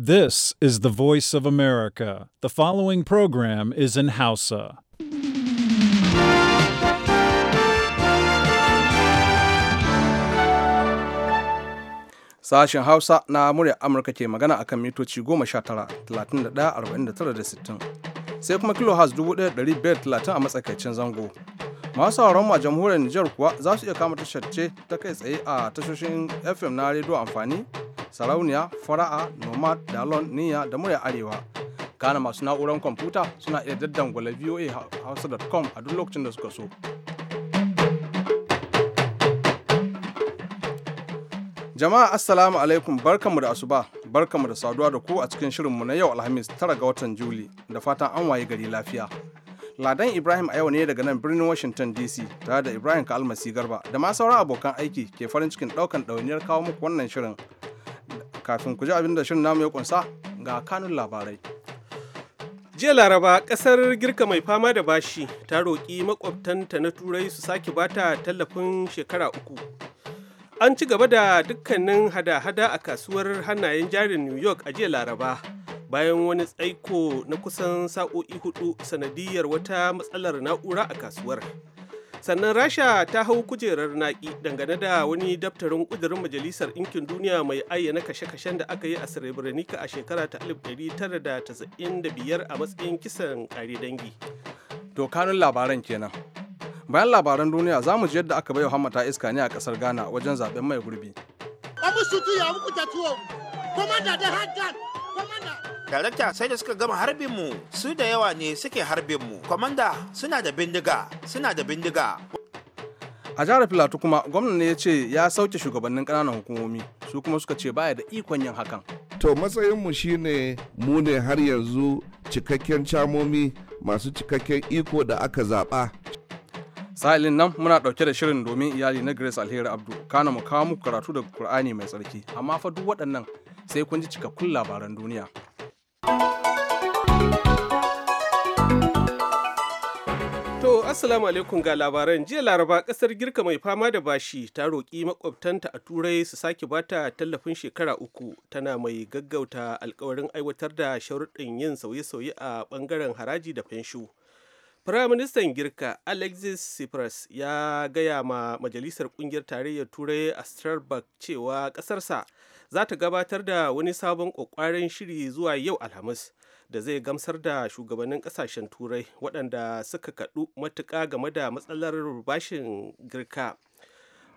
This is the voice of America. The following program is in Hausa. Sashen Hausa na murya Amurka ke magana a kan mitoci 19, 31, 60 sai kuma kilohaz 1530 a matsakaicin zango. masu sauran ma jamhuriyar Nijar kuwa za su iya kama tashar ce ta kai tsaye a tashoshin FM na rediyo amfani sarauniya fara'a nomad dalon niyya da murya arewa kana masu na'urar kwamfuta suna iya daddangwala voa hausa.com a duk lokacin da suka so jama'a assalamu alaikum barkanmu da asuba barkanmu da saduwa da ku a cikin shirinmu na yau alhamis 9 ga watan juli da fatan an waye gari lafiya Ladan Ibrahim a yau ne daga nan birnin Washington DC tare da Ibrahim Kalmasi Garba da ma sauran abokan aiki ke farin cikin ɗaukan ɗawainiyar kawo muku wannan shirin. Kafin ku ji abin da shirin namu ya kunsa ga kanun labarai. Jiya Laraba ƙasar Girka mai fama da bashi ta roƙi makwabtanta na Turai su sake bata tallafin shekara uku. An ci gaba da dukkanin hada-hada a kasuwar hannayen jarin New York a jiya Laraba. bayan wani tsaiko na kusan sa'o'i hudu sanadiyar wata matsalar na'ura a kasuwar sannan rasha ta hau kujerar naƙi dangane da wani daftarin ƙudurin majalisar ɗinkin duniya mai ayyana kashe-kashen da aka yi a srebrenica a shekara ta 1995 a matsayin kisan ƙare dangi dokanin labaran kenan bayan labaran duniya za mu ji yadda aka baiwa hammata iska ne a ƙasar ghana wajen zaɓen mai gurbi. Abu Sutu ya muku tatuwa, kuma da da haddan darakta sai da suka gama harbin mu su da yawa ne suke harbin mu kwamanda suna da bindiga suna da bindiga a jihar filato kuma gwamnati ne ya ce ya sauke shugabannin ƙananan hukumomi su kuma suka ce baya da ikon yin hakan to matsayinmu shine mu ne har yanzu cikakken camomi masu cikakken iko da aka zaɓa sa'ilin nan muna ɗauke da shirin domin iyali na grace alheri abdu kana mu kawo muku karatu daga kur'ani mai tsarki amma fa duk waɗannan sai kun ji cikakkun labaran duniya. To, Assalamu alaikum ga labaran jiya laraba kasar girka mai fama da bashi ta roƙi makwabtanta a turai su sake bata tallafin shekara uku tana mai gaggauta alkawarin aiwatar da sharuɗin yin sauye-sauye a ɓangaren haraji da fenshu. Firaministan Girka Alexis Tsipras ya gaya ma Majalisar Ƙungiyar Tarayyar Turai a Strasbourg cewa ƙasarsa za ta gabatar da wani sabon ƙwaƙwarin shiri zuwa yau alhamis da zai gamsar da shugabannin kasashen turai waɗanda suka kaɗu matuka game da matsalar bashin girka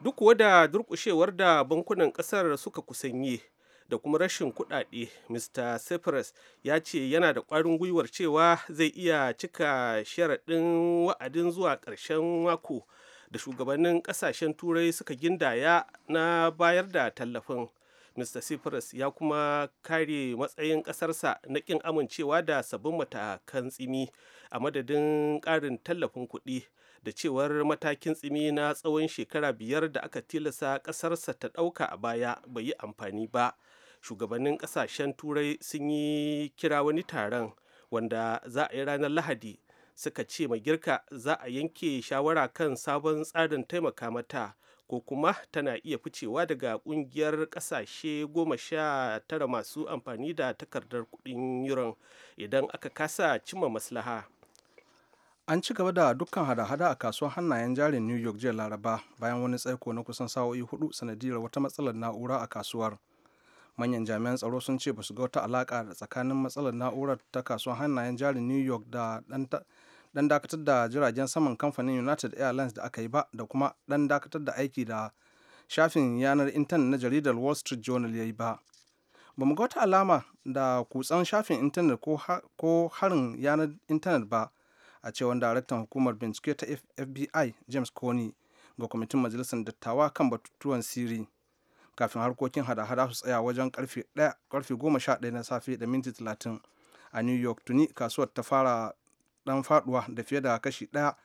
duk kuwa da durƙushewar da bankunan ƙasar suka kusanyi da kuma rashin kuɗaɗe mr cyprus ya ce yana da ƙwarin gwiwar cewa zai iya cika sharaɗin wa'adin zuwa ƙarshen mako da shugabannin ƙasashen turai suka gindaya na bayar da tallafin mr cyprus ya kuma kare matsayin kasarsa na kin amincewa da sabbin matakan tsimi a madadin karin tallafin kuɗi da cewar matakin tsimi na tsawon shekara biyar da aka tilasa kasarsa ta ɗauka a baya bai yi amfani ba shugabannin ƙasashen turai sun yi kira wani taron wanda za a yi ranar lahadi suka ce mai girka za a yanke shawara kan sabon tsarin taimaka mata ko kuma tana iya ficewa daga kungiyar kasashe goma sha tara masu amfani da takardar kudin yuron idan aka kasa cimma maslaha an ci gaba da dukkan hada-hada a kasuwar hannayen jarin new york jiya laraba bayan wani tsaiko na kusan sa'o'i hudu sanadiyar wata matsalar na'ura a kasuwar manyan jami'an tsaro sun ce ba su ga wata alaka tsakanin matsalar na'urar ta kasuwar hannayen jarin new york da dan dakatar da jiragen saman kamfanin united airlines da aka yi ba da kuma dan dakatar da aiki da shafin yanar intanet na jaridar wall street journal ya yi ba ba mu ga wata alama da kutsan shafin intanet ko harin yanar intanet ba a cewar daraktan hukumar bincike ta fbi james coney ga kwamitin majalisar dattawa kan batutuwan siri kafin harkokin hada-hada su tsaya wajen karfe 11 na safe da minti 30 a new york tuni kasuwar ta fara dan faduwa da fiye da kashi ɗaya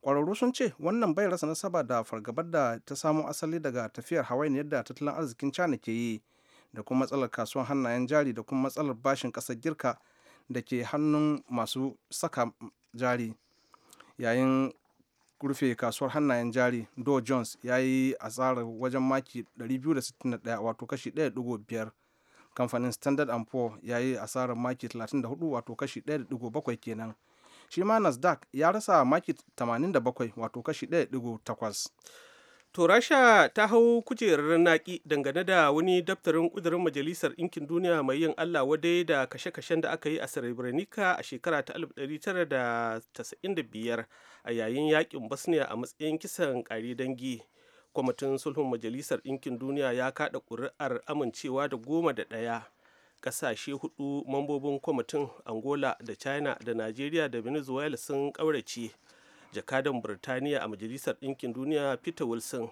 kwararru sun ce wannan bai rasa nasaba da fargabar da ta samo asali daga tafiyar hawaii yadda tattalin arzikin china ke yi da kuma matsalar kasuwan hannayen jari da kuma matsalar bashin kasar girka da ke hannun masu saka jari yayin rufe kasuwar hannayen jari dow jones ya yi asarar wajen maki 261 wato kashi 1.5 kamfanin standard poor ya yi asarar maki 34 wato kashi 1.7 kenan shi ma nasdaq ya rasa maki 87 wato kashi 1.8 to rasha ta hau kujerar naƙi dangane da wani daftarin kudurin majalisar ɗinkin duniya mai yin allah wadai da kashe-kashen da aka yi a srebrenica a shekara ta 1995 a yayin yaƙin bosnia a matsayin kisan ƙari dangi kwamitin sulhun majalisar ɗinkin duniya ya kaɗa ƙuri'ar amincewa da goma da ɗaya kasashe hudu mambobin kwamitin angola da china da nigeria da venezuela sun kaurace jakadan Birtaniya a majalisar ɗinkin duniya peter wilson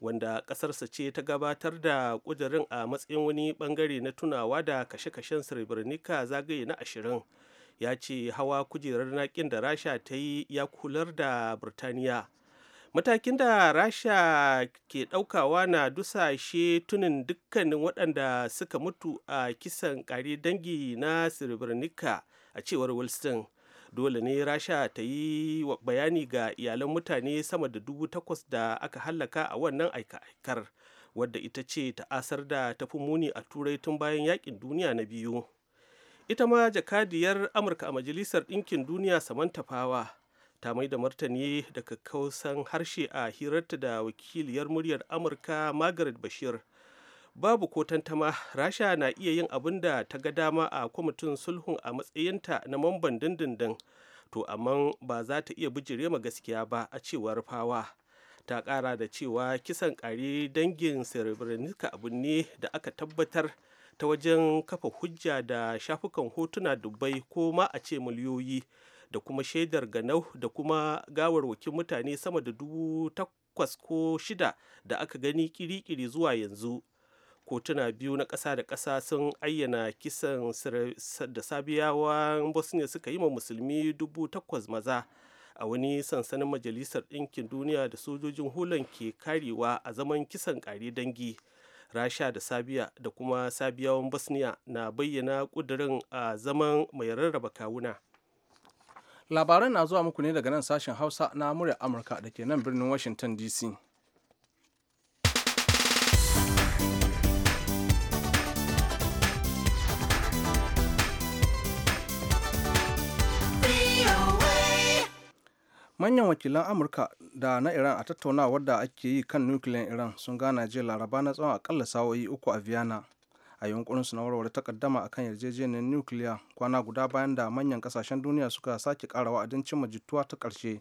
wanda ƙasarsa ce ta gabatar da kujerun a matsayin wani ɓangare na tunawa da kashe-kashen srebrenica zagaye na ashirin ya ce hawa kujerar naƙin da rasha ta yi ya kular da Birtaniya. matakin da rasha ke ɗaukawa na dusashe tunin dukkanin waɗanda suka mutu a kisan ƙare dangi na srebrenica a cewar wilson dole ne rasha ta yi bayani ga iyalan mutane sama da dubu takwas da aka hallaka a wannan aika-aikar wadda ita ce ta'asar da tafi muni a turai tun bayan yakin duniya na biyu ita ma jakadiyar amurka a majalisar ɗinkin duniya samantafawa ta mai da martani da kakkausan harshe a hirarta da wakiliyar muryar amurka margaret bashir babu ko tantama rasha na iya yin abin da ta ga dama a kwamitin sulhun a matsayinta na mamban dindindin to amma ba za ta iya bijire ma gaskiya ba a cewar fawa ta kara da cewa kisan kare dangin srebrenica abu ne da aka tabbatar ta wajen kafa hujja da shafukan hotuna dubbai ko ma a ce miliyoyi da kuma shaidar ganau da kuma gawarwakin mutane sama da dubu takwas ko shida da aka gani kiri-kiri zuwa yanzu kotuna biyu na ƙasa da ƙasa sun ayyana kisan da sabiyawan bosnia suka yi ma musulmi dubu takwas maza a wani sansanin majalisar ɗinkin duniya da sojojin hulan ke karewa a zaman kisan ƙare dangi rasha da sabiya da kuma sabiyawan bosnia na bayyana ƙudurin a zaman mai rarraba kawuna labaran na zuwa muku ne daga nan sashen hausa na murya amurka da ke nan birnin washington dc manyan wakilan amurka da na iran a tattaunawar da ake yi kan nukiliyan iran sun gana jiya laraba na tsawon akalla sa'o'i uku a vienna a su na warware takaddama akan yarjejeniyar nukiliya kwana guda bayan da manyan kasashen duniya suka sake kara wa'adin cimma jituwa ta karshe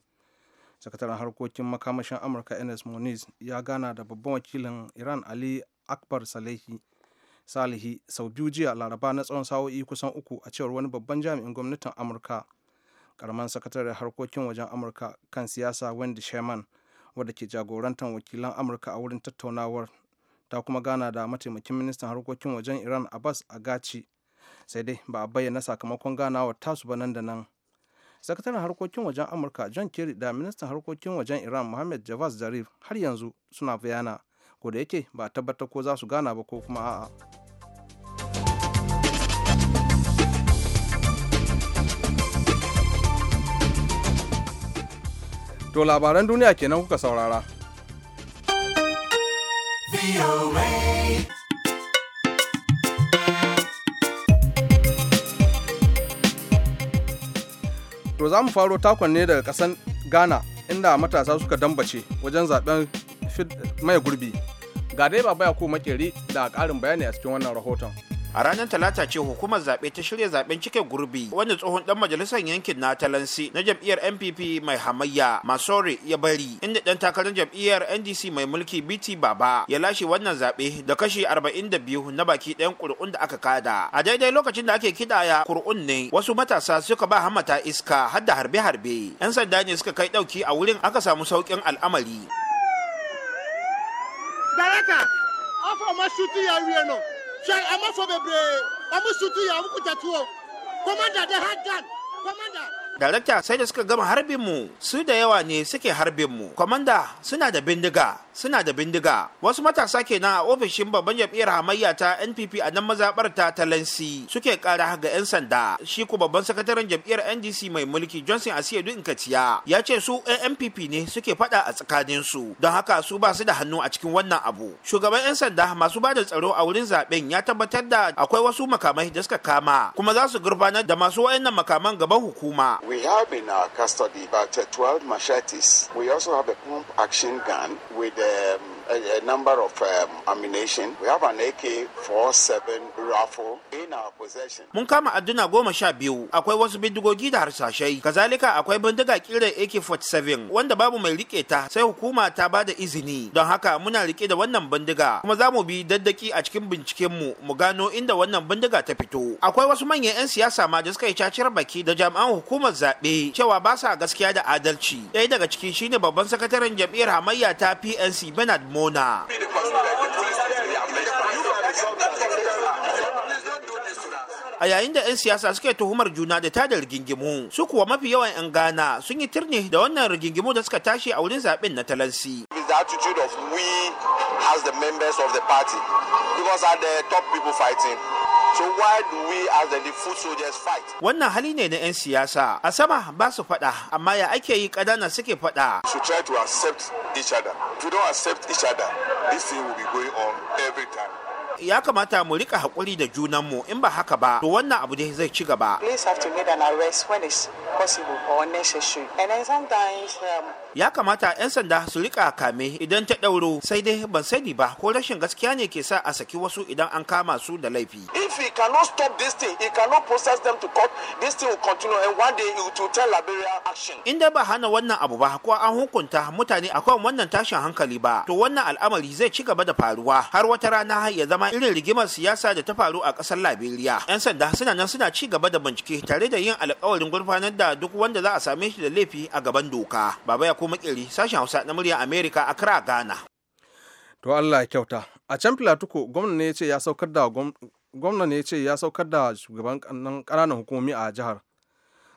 sakataren harkokin makamashin amurka ns moniz ya gana da babban wakilin iran ali akbar salehi salihi sau biyu jiya laraba na tsawon sa'o'i kusan uku a cewar wani babban jami'in gwamnatin amurka karaman sakataren harkokin wajen amurka kan siyasa wendy sherman wadda ke jagorantar wakilan amurka a wurin tattaunawar ta kuma gana da mataimakin ministan harkokin wajen iran abbas agaci sai dai ba a bayyana sakamakon ganawar tasu ba nan da nan sakataren harkokin wajen amurka john kerry da ministan harkokin wajen iran mohammed javas zarif har yanzu suna bayana ko da yake ba tabbatar ko za su gana ba ko kuma a'a to labaran duniya kenan kuka saurara To za mu faro takon ne daga kasan Ghana inda matasa suka dambace wajen zaben mai gurbi. Ga dai ba baya ko makeri da ƙarin bayani a cikin wannan rahoton. a ranar talata ce hukumar zaɓe ta shirya zaɓen cike gurbi wanda tsohon ɗan majalisar yankin na talansi na jam'iyyar npp mai hamayya masore ya bari inda ɗan takarar jam'iyyar ndc mai mulki bt baba ya lashe wannan zaɓe da kashi arba'in da biyu na baki ɗayan ƙuri'un da aka kada a daidai lokacin da ake kiɗaya ƙuri'un ne wasu matasa suka ba hamata iska har da harbe-harbe 'yan sanda ne suka kai ɗauki a wurin aka samu sauƙin al'amari. hwɛ amafo bebree ɔmo sutu yɛ ɔmo kuta tuo kɔmanda de hard gun kɔmanda darakta sai da suka gama harbin mu su da yawa ne suke harbin mu kwamanda suna da bindiga suna da bindiga wasu matasa kenan a ofishin babban jam'iyyar hamayya ta npp a nan mazaɓarta ta talansi suke kara ga 'yan sanda shi ku babban sakataren jam'iyyar ndc mai mulki johnson asiedu kaciya. ya ce su npp ne suke fada a tsakaninsu don haka su ba su da hannu a cikin wannan abu shugaban 'yan sanda masu ba da tsaro a wurin zaben ya tabbatar da akwai wasu makamai da suka kama kuma za su gurfanar da masu wayannan makaman gaban hukuma we have in our custody about 12 machetes we also have a pump action gun with um, a, a number of um, ammunition. We have an AK-47 rifle in our possession. Mun kama adduna goma sha biyu, akwai wasu bindigogi da harsashai, kazalika akwai bindiga kira AK-47 wanda babu mai rike ta sai hukuma ta ba da izini. Don haka muna rike da wannan bindiga, kuma za mu bi daddaki a cikin binciken mu mu gano inda wannan bindiga ta fito. Akwai wasu manyan 'yan siyasa ma da suka yi caciyar baki da jami'an hukumar zaɓe cewa ba sa gaskiya da adalci. Ɗaya daga ciki shine babban sakataren jam'iyyar hamayya ta PNC Bernard mona a yayin da 'yan siyasa suke tuhumar juna da tada rigingimu su kuwa mafi yawan 'yan ghana sun yi tirni da wannan rigingimu da suka tashi a wurin zaben na talansi the as the members So why do we as the foot soldiers fight? Wannan hali ne na 'yan siyasa. A sama ba su faɗa, amma ya ake yi ƙadana suke faɗa. So try to accept each other. If you don't accept each other, this thing will be going on every time. ya kamata mu rika hakuri da junan mu, in ba haka ba to wannan abu dai zai ci gaba um, ya kamata 'yan sanda su rika kame idan ta ɗauro sai dai ban sani ba ko rashin gaskiya ne ke sa a saki wasu idan an kama su da laifi if he cannot stop this thing he cannot process them to court this thing will continue and one day will tell Liberia action in da ba hana wannan abu ba ko an hukunta mutane akan wannan tashin hankali ba to wannan al'amari zai ci gaba da faruwa har wata rana ya zama zama irin rigimar siyasa da ta faru a ƙasar Liberia. 'Yan sanda suna nan suna ci gaba da bincike tare da yin alƙawarin gurfanar da duk wanda za a same shi da laifi a gaban doka. Baba ya koma ƙiri sashen Hausa na murya Amerika a kira Ghana. To Allah ya kyauta. A can Filatuko gwamna ne ya ce ya saukar da gwamna ne ya ce ya saukar da shugaban ƙananan hukumomi a jihar.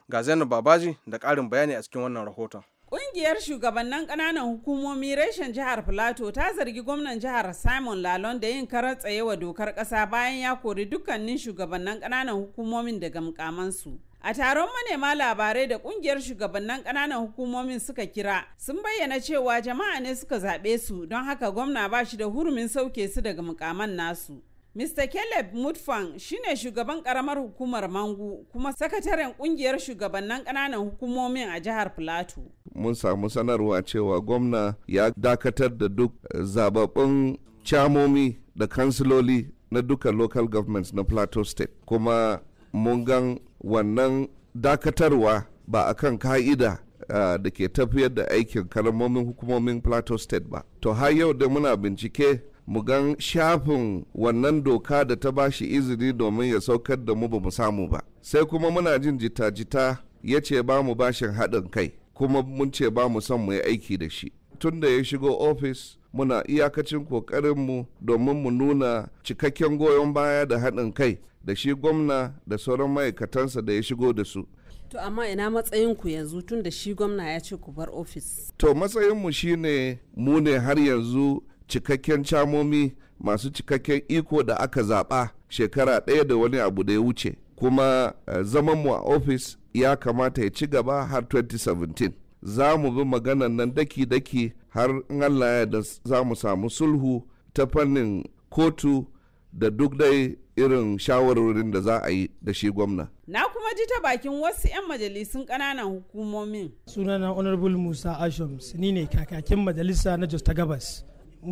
Ga Zainab Babaji da ƙarin bayani a cikin wannan rahoton. Ƙungiyar shugabannin ƙananan hukumomi reshen jihar Filato ta zargi gwamnan jihar Simon Lalon da yin karar tsaye wa dokar ƙasa bayan ya kori dukkanin shugabannin ƙananan hukumomin daga mukamansu. A taron manema labarai da ƙungiyar shugabannin ƙananan hukumomin suka kira sun bayyana cewa jama'a ne suka zaɓe su don haka gwamna ba shi da hurumin sauke su daga mukaman nasu. Mr. Caleb Mutfang shine shugaban karamar hukumar Mangu kuma sakataren kungiyar shugabannin kananan hukumomin a jihar Plateau. Mun samu sanarwa cewa gwamna ya dakatar da duk eh, zababbun camomi da kansiloli na duka local governments na Plateau state kuma mun gan wannan dakatarwa ba a kan ka'ida eh, da ke tafiyar da aikin kalmomin hukumomin Plateau state ba. To har yau da muna bincike mu gan shafin wannan doka da ta ba shi izini domin ya saukar da mu ba mu samu ba sai kuma muna jin jita-jita ya ce ba mu bashin haɗin kai kuma mun ce ba mu son mu yi aiki da shi tun da ya shigo ofis muna iyakacin ƙoƙarinmu domin mu nuna cikakken goyon baya da haɗin kai da shi gwamna da sauran ma'aikatansa da ya shigo da su to amma ina matsayinku yanzu tun da shi gwamna ya ce ku bar ofis to matsayinmu shine mu ne har yanzu cikakken camomi masu cikakken iko da aka zaɓa shekara ɗaya da wani abu da ya wuce kuma eh, zaman mu a ofis ya kamata ya ci gaba har 2017 za mu bi maganan nan daki-daki har Allah ya da za mu samu sulhu ta fannin kotu da duk dai irin shawarwarin da za a yi da shi gwamna. Na kuma ji ta bakin wasu 'yan majalisun kananan hukumomin. Sunana Honorable Musa Ashams ni ne kakakin majalisa na Jos ta Gabas.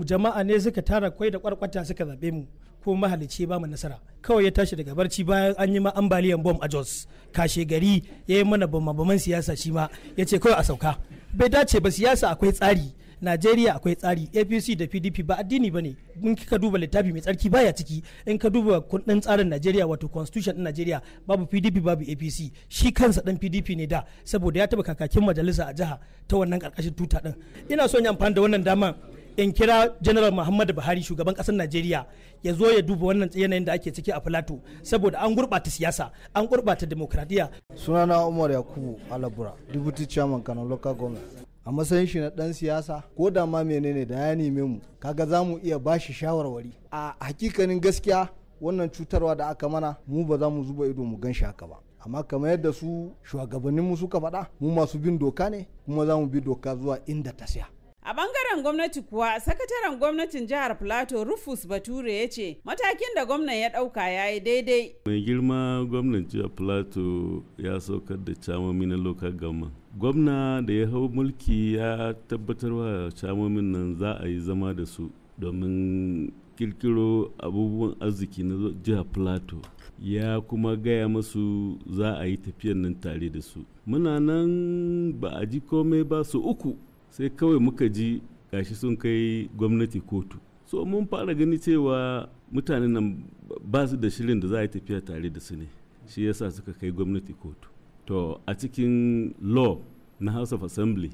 jama'a ne suka tara kwai da kwarkwata suka zabe mu ko mahalicci ba mu nasara kawai ya tashi daga barci bayan an yi ma ambaliyan bom a Jos kashe gari ya yi mana bambaman siyasa shi ma ya ce kawai a sauka bai dace ba siyasa akwai tsari Najeriya akwai tsari APC da PDP ba addini ba ne in kika duba littafi mai tsarki baya ciki in ka duba kundin tsarin Najeriya wato constitution din Najeriya babu PDP babu APC shi kansa dan PDP ne da saboda ya taba kakakin majalisa a jiha ta wannan karkashin tuta din ina son yi amfani da wannan dama in kira general muhammadu buhari shugaban kasar najeriya ya zo ya duba wannan yanayin da ake ciki a filato saboda an gurɓata siyasa an gurɓata demokradiyya sunana umar yakubu alabura deputy chairman kano local government a matsayin shi na dan siyasa ko da ma menene da ya neme mu kaga za mu iya shi shawarwari a hakikanin gaskiya wannan cutarwa da aka mana mu ba za mu zuba ido mu gan shi haka ba amma kamar yadda su shugabanninmu suka faɗa mu masu bin doka ne kuma za mu bi doka zuwa inda ta siya A bangaren gwamnati kuwa sakataren gwamnatin jihar Plateau Rufus Bature ya ce matakin da gwamnan ya dauka ya yi daidai. Mai girma gwamnan jihar Plateau ya saukar da camomi na local government. Gwamna da ya hau mulki ya tabbatarwa camomin nan za a yi zama da su domin kirkiro abubuwan arziki na jihar Plateau. ya kuma gaya masu za a yi tafiyan nan tare da su muna nan ba a ji komai ba su uku sai kawai muka ji gashi sun kai gwamnati kotu so mun fara gani cewa mutanen nan ba su da shirin da za a yi tafiya tare da su ne shi yasa suka kai gwamnati kotu to a cikin law na house of assembly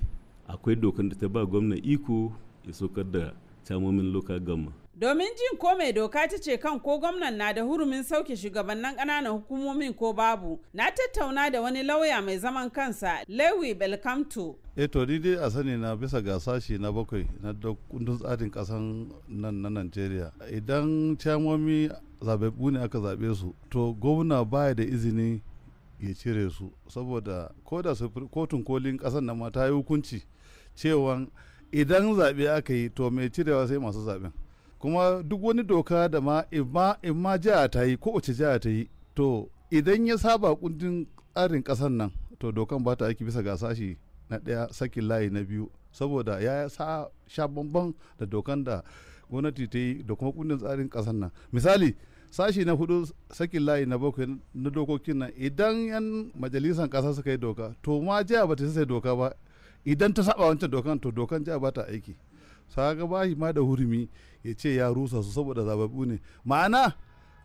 akwai dokar da ta ba gwamna iko ya sokar da camomin local government domin jin ko mai doka ta ce kan ko gwamnan na da hurumin sauke shugabannin ƙananan hukumomin ko babu na tattauna da wani lauya mai zaman kansa lewi belkamto e eh to dai a sani na bisa ga sashi na bakwai na dokundun tsarin kasan nan na nigeria idan camomi zababbu ne aka zaɓe su to gwamna baya da izini ya cire su saboda ko da kotun kolin ƙasan nan ma ta yi hukunci cewa idan zaɓe aka yi to mai cirewa sai masu zaɓen kuma duk wani doka da ma in ma jiha ta yi ko wace jiya ta yi to idan ya saba kundin tsarin kasan nan to dokan ba ta aiki bisa ga sashi na ɗaya sakin layi na biyu saboda ya sa sha bamban da dokan da gwamnati ta yi da kuma kundin tsarin kasan nan misali sashi na hudu sakin layi na bakwai na dokokin nan idan yan majalisar kasa suka yi doka to ma jiya ba ta sai doka ba idan ta saba wancan dokan to dokan jiya ba ta aiki sa ga ba ma da hurumi ya ce ya rusa su saboda zababbu ne ma'ana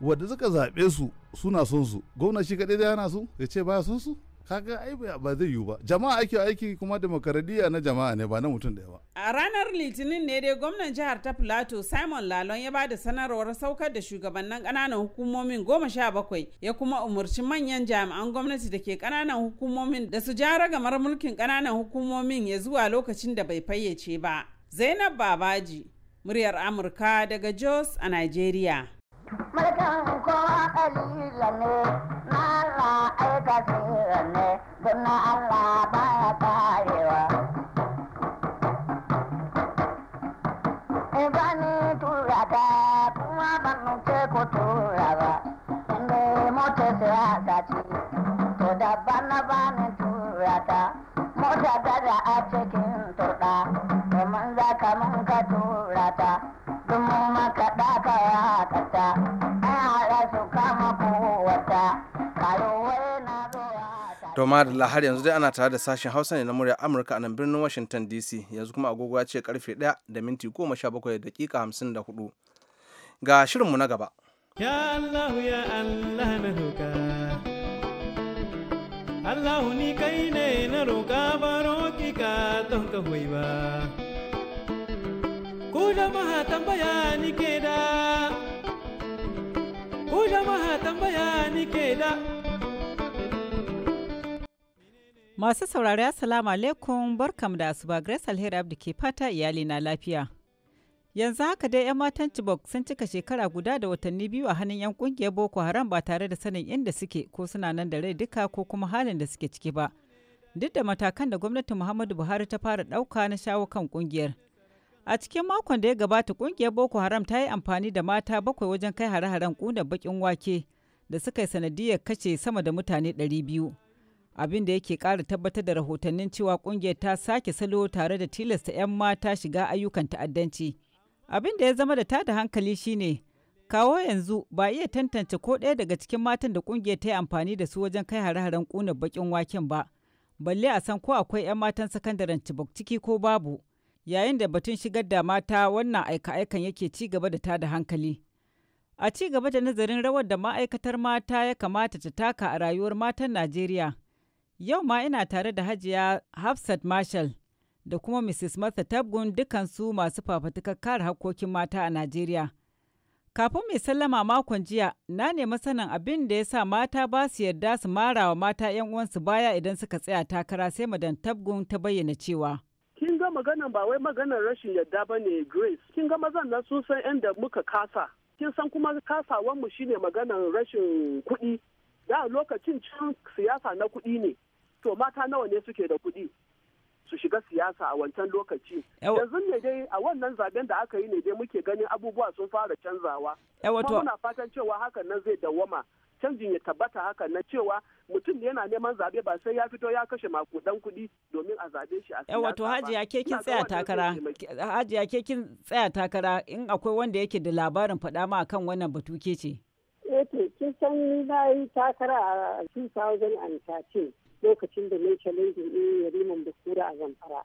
wadda suka zaɓe su suna son su gwamna shi kaɗai da yana su ya ce baya son su kaga ai ba zai yiwu ba jama'a ake aiki kuma demokaradiyya na jama'a ne ba na mutum da ba a ranar litinin ne dai gwamnan jihar ta plateau simon lalon ya bada sanarwar saukar da shugabannin kananan hukumomin goma sha bakwai ya kuma umarci manyan jami'an gwamnati da ke kananan hukumomin da su ja ragamar mulkin kananan hukumomin ya zuwa lokacin da bai fayyace ba zainab babaji muryar Amurka daga Jos a Najeriya. Mulkin kowa kalila ne, na Allah aika ne, don na Allah baya karewa. Ibani tura ta kuma ban ce ko tura ba, inda mota siyasa ce, to da bana bani tura mota tana a cikin turɗa domin za ka mun ka tura ta domin mun maka ɗaka ya haɗa ta an haɗa su kama kowata karuwai na zuwa to madalla har yanzu dai ana tare da sashen hausa ne na murya amurka a nan birnin washington dc yanzu kuma agogo ya ce karfe 1 da minti 17 dakika 54 ga shirinmu na gaba ya allah ya allah na roƙa Allah ni kai ne na roƙa baro ki ka don ka hoyi ba. Ku jama'a tambaya ni ke da, ku jama'a tambaya ni ke da. Masu saurari Assalamu alaikum barkam da asuba Grace Alheri Abdi ke fata iyali na lafiya. yanzu haka dai 'yan matan chibok sun cika shekara guda da watanni biyu a hannun 'yan kungiyar boko haram ba tare da sanin inda suke ko suna nan da rai duka ko kuma halin da suke ciki ba duk da matakan da gwamnatin muhammadu buhari ta fara ɗauka na shawo kan kungiyar a cikin makon da ya gabata kungiyar boko haram ta yi amfani da mata bakwai wajen kai hare-haren kuna bakin wake da suka yi sanadiyar kace sama da mutane 200 abin da yake ƙara tabbatar da rahotannin cewa kungiyar ta sake salo tare da tilasta 'yan mata shiga ayyukan ta'addanci. abin da ya zama da tada hankali shine kawo yanzu ba iya tantance ko ɗaya daga cikin matan da ƙungiyar ta yi amfani da su wajen kai hare-haren ƙunar bakin waken ba balle a san ko akwai 'yan matan sakandaren cibok ciki ko babu yayin da batun shigar da mata wannan aika-aikan yake ci gaba da tada hankali a ci gaba da nazarin rawar da ma'aikatar mata ya kamata ta taka a rayuwar matan najeriya yau ma ina tare da hajiya hafsat marshall da kuma Mrs. Martha Tabgun dukansu masu fafatukar kare hakkokin mata a Najeriya. Kafin mai sallama makon jiya, na nemi sanin abin da ya sa mata ba su yarda su mara wa mata 'yan uwansu baya idan suka tsaya takara sai madan Tabgun ta bayyana cewa. Kin ga maganan ba wai maganar rashin yarda ba ne Grace. Kin ga mazan nan sun san muka kasa. Kin san kuma shi shine maganar rashin kuɗi. Da lokacin cin siyasa na kuɗi ne. To mata nawa ne suke da kuɗi. su shiga siyasa a wancan lokaci. Yanzu ne dai a wannan zaben da aka yi ne dai muke ganin abubuwa sun fara canzawa. Kuma muna fatan cewa hakan nan zai dawwama. Canjin ya tabbata hakan na cewa mutum yana neman zabe ba sai ya fito ya kashe makudan kuɗi domin a zabe shi a siyasa. Wato Hajiya ke kin tsaya takara. Hajiya ke kin tsaya takara in akwai wanda yake da labarin faɗa ma akan wannan batu ke ce. Eh kin san na yi takara a 2013. lokacin da mai challenging ɗin yariman basura a zamfara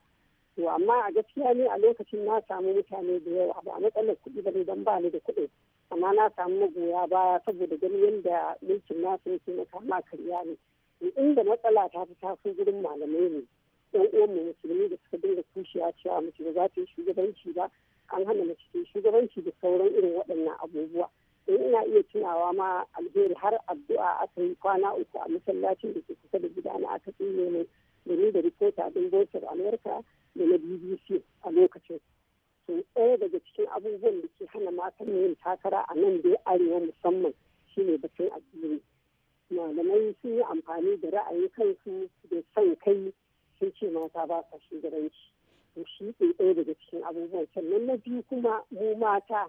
to amma a gaskiya ne a lokacin na samu mutane da yawa ba a matsalar kuɗi ba ne don ba ni da kuɗi amma na samu magoya baya saboda ganin yadda mulkin nasu yake na kama karya ne inda matsala ta fi taso gurin malamai ne yan mu musulmi da suka dinga kushiya cewa mace ba za ta yi shugabanci ba an hana mace shugabanci da sauran irin waɗannan abubuwa sai ina iya tunawa ma alheri har addu'a aka yi kwana uku a masallacin da ke kusa da gidana aka tsine ne da ni da rikota din voice amurka da na bbc a lokacin to ɗaya daga cikin abubuwan da ke hana matan yin takara a nan dai arewa musamman shine batun addini malamai sun yi amfani da ra'ayin kansu da son kai sun ce mata ba sa shugabanci to shi ɗaya daga cikin abubuwan sannan na biyu kuma mu mata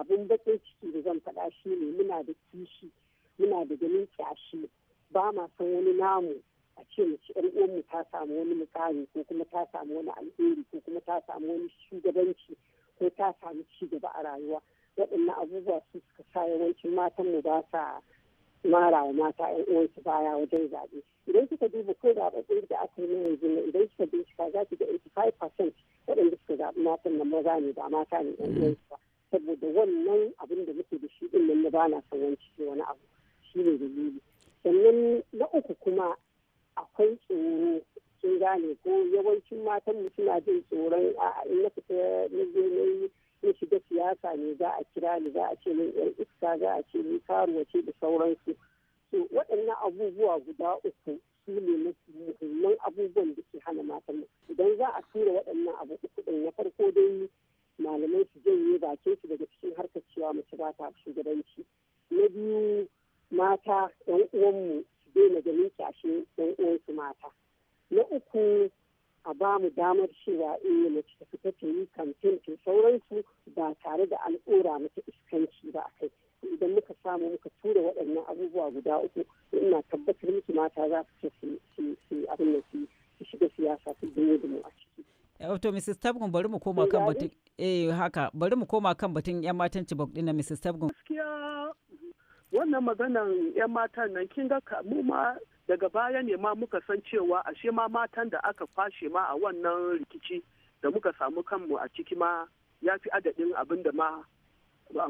abin bakin ciki da zan faɗa shi ne muna da kishi muna da ganin kyashi ba ma san wani namu a ce mace yan uwanmu ta samu wani misali ko kuma ta samu wani alheri ko kuma ta samu wani shugabanci ko ta samu ci gaba a rayuwa waɗannan abubuwa su suka sa yawancin matan mu ba sa mara wa mata yan uwansu baya wajen zaɓe idan kika duba ko ɗin da aka yi yanzu idan kika bincika za ki ga 85% waɗanda suka zaɓi matan na maza ne ba mata ne yan uwansu ba na son wani wani abu shi ne dalili sannan na uku kuma akwai tsoro sun gane ko yawancin matan mu suna jin tsoron a in na fita na je na yi shiga siyasa ne za a kira ni za a ce min yan iska za a ce ni karuwa ce da sauransu to waɗannan abubuwa guda uku su ne muhimman abubuwan da ke hana matan mu idan za a tura waɗannan abu uku ɗin na farko dai malamai su janye bakin su daga cikin harkar cewa mace ba ta shugabanci na biyu mata yan uwanmu su daina ganin kyashe yan uwansu mata na uku a ba mu damar cewa yi eh, mace ta fita ta yi kamfen ta sauransu ba tare da an tsora mata iskanci ba a kai idan muka samu muka tura waɗannan abubuwa guda uku ina tabbatar musu mata za su ce su abin da su shiga siyasa su dinga da mu a wato eh, Mrs. Tabgun bari mu koma kan batun eh haka bari mu koma kan batun yan matan Chibok din na Mrs. Tabgun. Gaskiya wannan maganan yan matan nan kin ga mu ma daga baya ne ma muka san cewa ashe ma matan da aka kwashe ma a wannan rikici da muka samu kanmu a ciki ma ya fi adadin abin da ma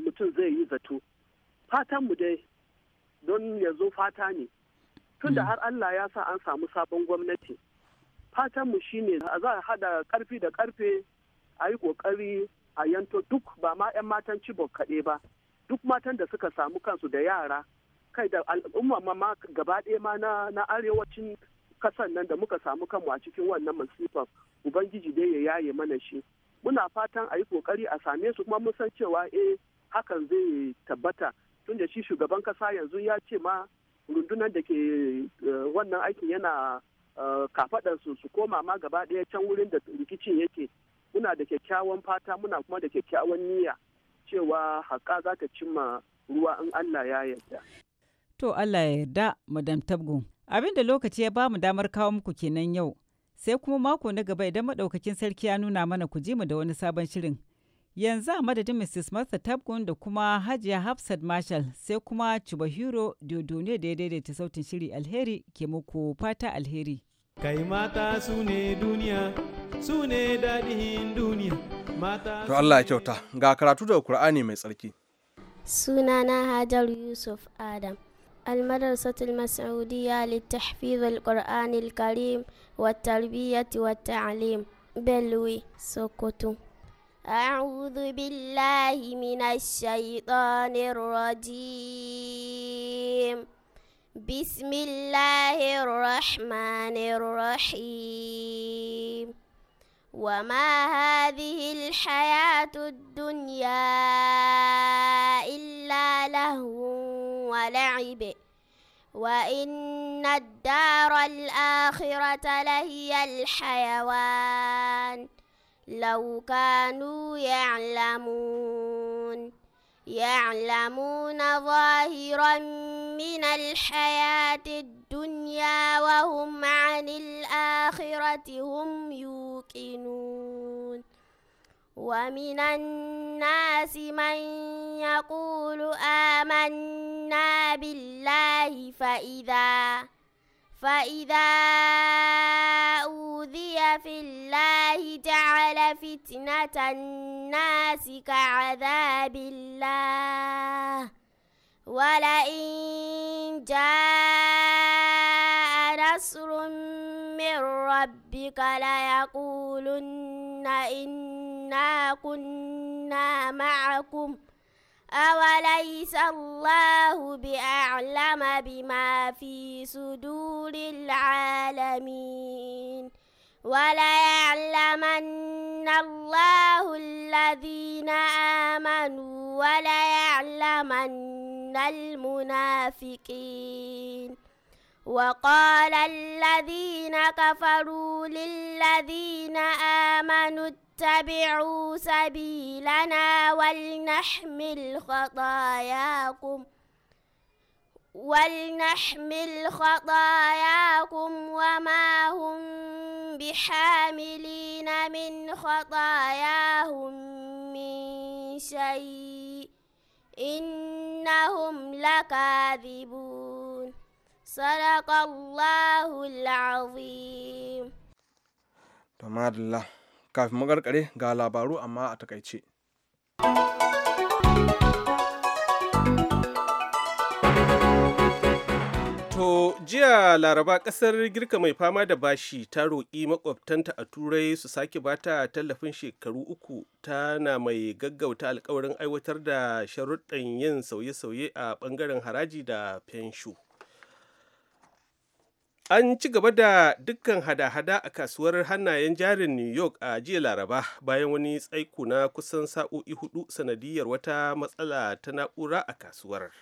mutum zai yi zato fatanmu dai don yanzu fata ne tunda mm. har Allah ya sa an samu sabon gwamnati fatan mu shine za a hada karfi da karfe a yi kokari a yanto duk ba ma 'yan matan cibok kaɗai ba duk matan da suka samu kansu da yara kai da al'umma ma gaba ma na arewacin kasan nan da muka samu kanmu a cikin wannan masifan ubangiji dai ya yaye mana shi muna fatan a yi kokari a same su kuma mun san cewa eh hakan zai tabbata tun da shi shugaban kasa yanzu ya ce ma rundunar da ke eh, wannan aikin yana Eh, kafaɗarsu su koma ma gaba ɗaya can wurin da rikicin yake muna da kyakkyawan fata muna kuma da kyakkyawan niyya cewa haƙa za ta cimma ruwa in Allah ya yarda. To Allah ya yarda, Madam Tabgun. Abin da lokaci ya bamu damar kawo muku kenan yau, sai kuma mako na gaba idan maɗaukakin sarki ya nuna mana ku ji mu da wani sabon shirin. Yanzu a madadin Mrs. Martha Tabgun da kuma Hajiya Hafsat Marshall sai kuma chuba Dodone da ya daidaita sautin shiri alheri ke muku fata alheri. Kai mata su ne duniya, su ne daɗin duniya. Mata To Allah ya kyauta, ga karatu daga Kur'ani mai tsarki. Sunana Hajar Yusuf Adam. المدرسة المسعودية لتحفيظ القرآن الكريم والتربية والتعليم بلوي sokoto. أعوذ بالله من الشيطان الرجيم بسم الله الرحمن الرحيم وما هذه الحياة الدنيا إلا لهو ولعب وإن الدار الآخرة لهي الحيوان لو كانوا يعلمون يعلمون ظاهرا من الحياة الدنيا وهم عن الآخرة هم يوقنون ومن الناس من يقول آمنا بالله فإذا فإذا أوذي في الله جعل فتنة الناس كعذاب الله ولئن جاء نصر من ربك ليقولن إنا كنا معكم أوليس الله بأعلم بما في صدور العالمين وليعلمن الله الذين آمنوا وليعلمن المنافقين وقال الذين كفروا للذين آمنوا اتبعوا سبيلنا ولنحمل خطاياكم ولنحمل خطاياكم وما هم بحاملين من خطاياهم من شيء إنهم لكاذبون صدق الله العظيم تمام الله kafin magarkare ga labaru amma a takaice To jiya laraba kasar girka mai fama da bashi ta roƙi makwabtanta a turai su sake bata tallafin shekaru uku tana mai gaggauta alkawarin aiwatar da sharuɗan yin sauye-sauye a ɓangaren haraji da fenshu. An ci gaba da dukkan hada-hada a kasuwar hannayen jarin New York a jiya laraba bayan wani tsaiko na kusan sa'o'i hudu sanadiyar wata matsala ta na'ura a kasuwar.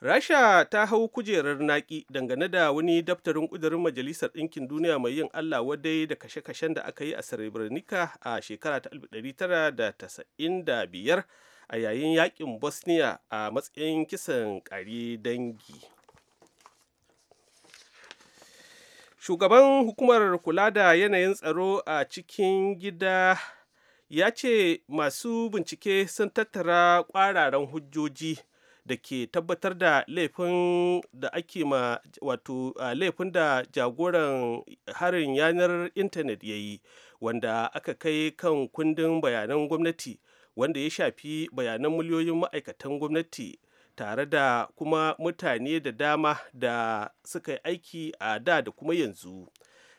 rasha ta hau kujerar naƙi, dangane da wani daftarin ƙudurin majalisar ɗinkin duniya mai yin allah wadai da kashe-kashen da aka yi a srebrenica a shekara ta 1995 a yayin yaƙin bosnia a matsayin kisan ƙari dangi shugaban hukumar kula da yanayin tsaro a cikin gida ya ce masu bincike sun tattara kwararan hujjoji da ke tabbatar da laifin da ake ma wato laifin da jagoran harin yanar intanet ya yi wanda aka kai kan kundin bayanan gwamnati wanda ya shafi bayanan miliyoyin ma'aikatan gwamnati tare da kuma mutane da dama da suka yi aiki a da da kuma yanzu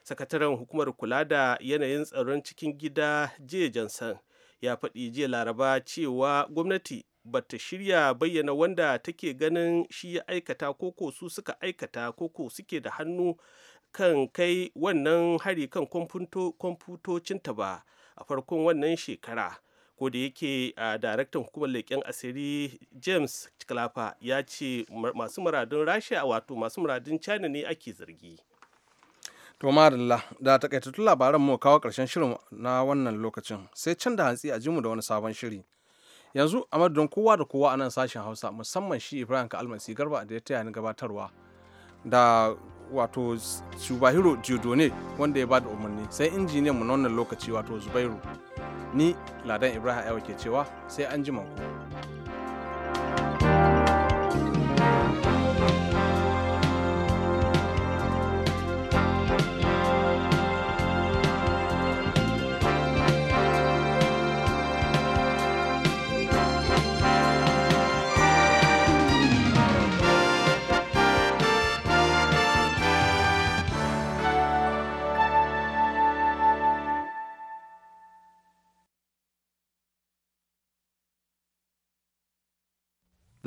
sakataren hukumar kula da yanayin tsaron cikin gida jiya jansan ya faɗi jiya laraba cewa gwamnati bata shirya bayyana wanda take ganin shi ya aikata koko su suka aikata koko suke da hannu kan kai wannan hari kan kwamfutocinta ba a farkon wannan shekara ko da yake a daraktan hukumar leƙen asiri james clapper ya ce masu muradun rasha wato masu muradun china ne ake zargi to madalla da takaitattun labaran mu kawo karshen shirin na wannan lokacin sai can da hantsi a jimu da wani sabon shiri yanzu a madadin kowa da kowa a nan sashen hausa musamman shi ibrahim ka almasi garba da ya taya ni gabatarwa da wato subahiro ne wanda ya bada umarni sai injiniyan mu na wannan lokaci wato zubairu ni ladan ibrahim aiwa ke cewa sai an ku.